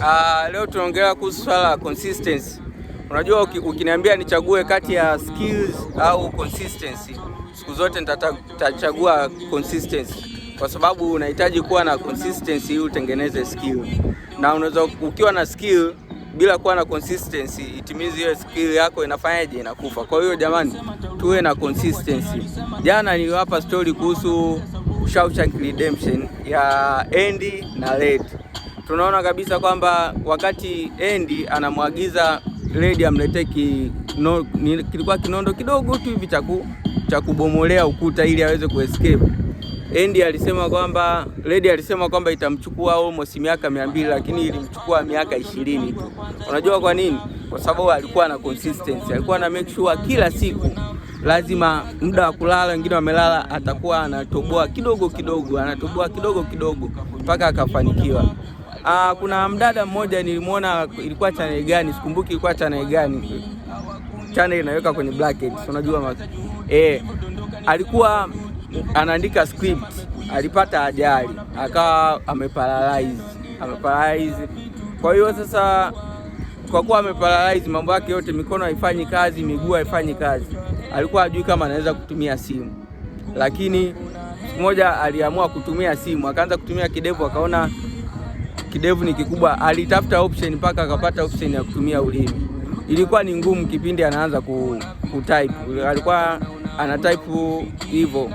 Uh, leo tunaongelea kuhusu swala la consistency. Unajua ukiniambia nichague kati ya skills au consistency, siku zote nitachagua consistency kwa sababu unahitaji kuwa na consistency ili utengeneze skill, na unaweza ukiwa na skill bila kuwa na consistency, itimizi hiyo skill yako inafanyaje? Inakufa. Kwa hiyo jamani, tuwe na consistency. Jana niliwapa story kuhusu Shawshank Redemption ya Andy na Red tunaona kabisa kwamba wakati Endi anamwagiza Lady amletee kino, kilikuwa kinondo kidogo tu hivi cha kubomolea ukuta ili aweze kuescape. Endi alisema kwamba Lady alisema kwamba itamchukua almost miaka mia mbili lakini ilimchukua miaka ishirini tu. Unajua kwa nini? Kwa sababu alikuwa na consistency, alikuwa na make sure kila siku lazima muda wa kulala, wengine wamelala, atakuwa anatoboa kidogo kidogo, anatoboa kidogo kidogo mpaka akafanikiwa. Uh, kuna mdada mmoja nilimwona, ilikuwa channel gani sikumbuki, ilikuwa channel gani, channel inaweka kwenye bracket, unajua eh, alikuwa anaandika script, alipata ajali akawa ameparalyze, ameparalyze. Kwa hiyo sasa, kwa kuwa ameparalyze, mambo yake yote, mikono haifanyi kazi, miguu haifanyi kazi, alikuwa ajui kama anaweza kutumia simu, lakini siku moja aliamua kutumia simu, akaanza kutumia kidevu, akaona kidevu ni kikubwa, alitafuta option mpaka akapata option ya kutumia ulimi. Ilikuwa ni ngumu kipindi anaanza ku, ku type, alikuwa ana type hivyo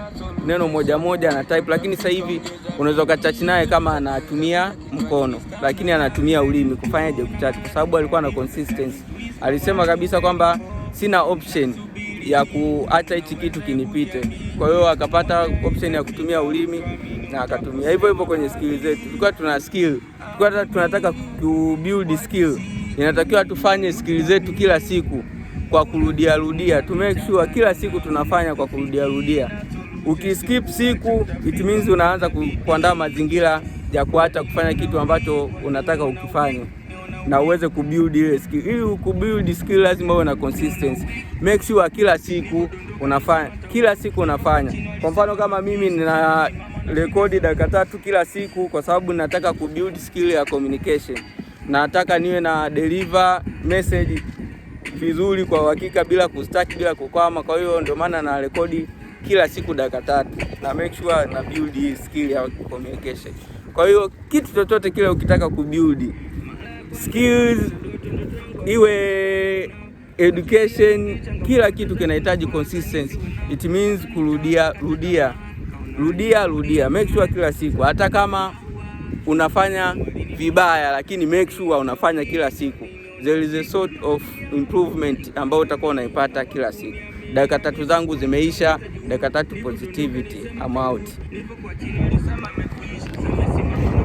neno moja moja ana type, lakini sasa hivi unaweza ukachat naye kama anatumia mkono, lakini anatumia ulimi kufanyaje kuchati, kwa sababu alikuwa na consistency. Alisema kabisa kwamba sina option ya kuacha hichi kitu kinipite kwa hiyo akapata option ya kutumia ulimi na akatumia hivyo hivyo. Kwenye skill zetu tulikuwa tuna skill, tulikuwa tunataka ku build skill, inatakiwa tufanye skill zetu kila siku kwa kurudia rudia, to make sure kila siku tunafanya kwa kurudia rudia. Ukiskip siku, it means unaanza kuandaa mazingira ya kuacha kufanya kitu ambacho unataka ukifanye na uweze kubuild ile skill. Ili kubuild skill lazima uwe na consistency. Make sure kila siku unafanya, kila siku unafanya. Kwa mfano kama mimi nina rekodi dakika tatu kila siku, kwa sababu nataka kubuild skill ya communication. Nataka niwe na deliver message vizuri kwa uhakika, bila kustuck, bila kukwama. Kwa hiyo ndio maana na rekodi kila siku dakika tatu na make sure na build hii skill ya communication. Kwa hiyo kitu chochote kile ukitaka kubuild skills, iwe education, kila kitu kinahitaji consistency. It means kurudia rudia rudia rudia, make sure kila siku, hata kama unafanya vibaya, lakini make sure unafanya kila siku. There is a sort of improvement ambayo utakuwa unaipata kila siku. Dakika tatu zangu zimeisha. Dakika tatu positivity, I'm out.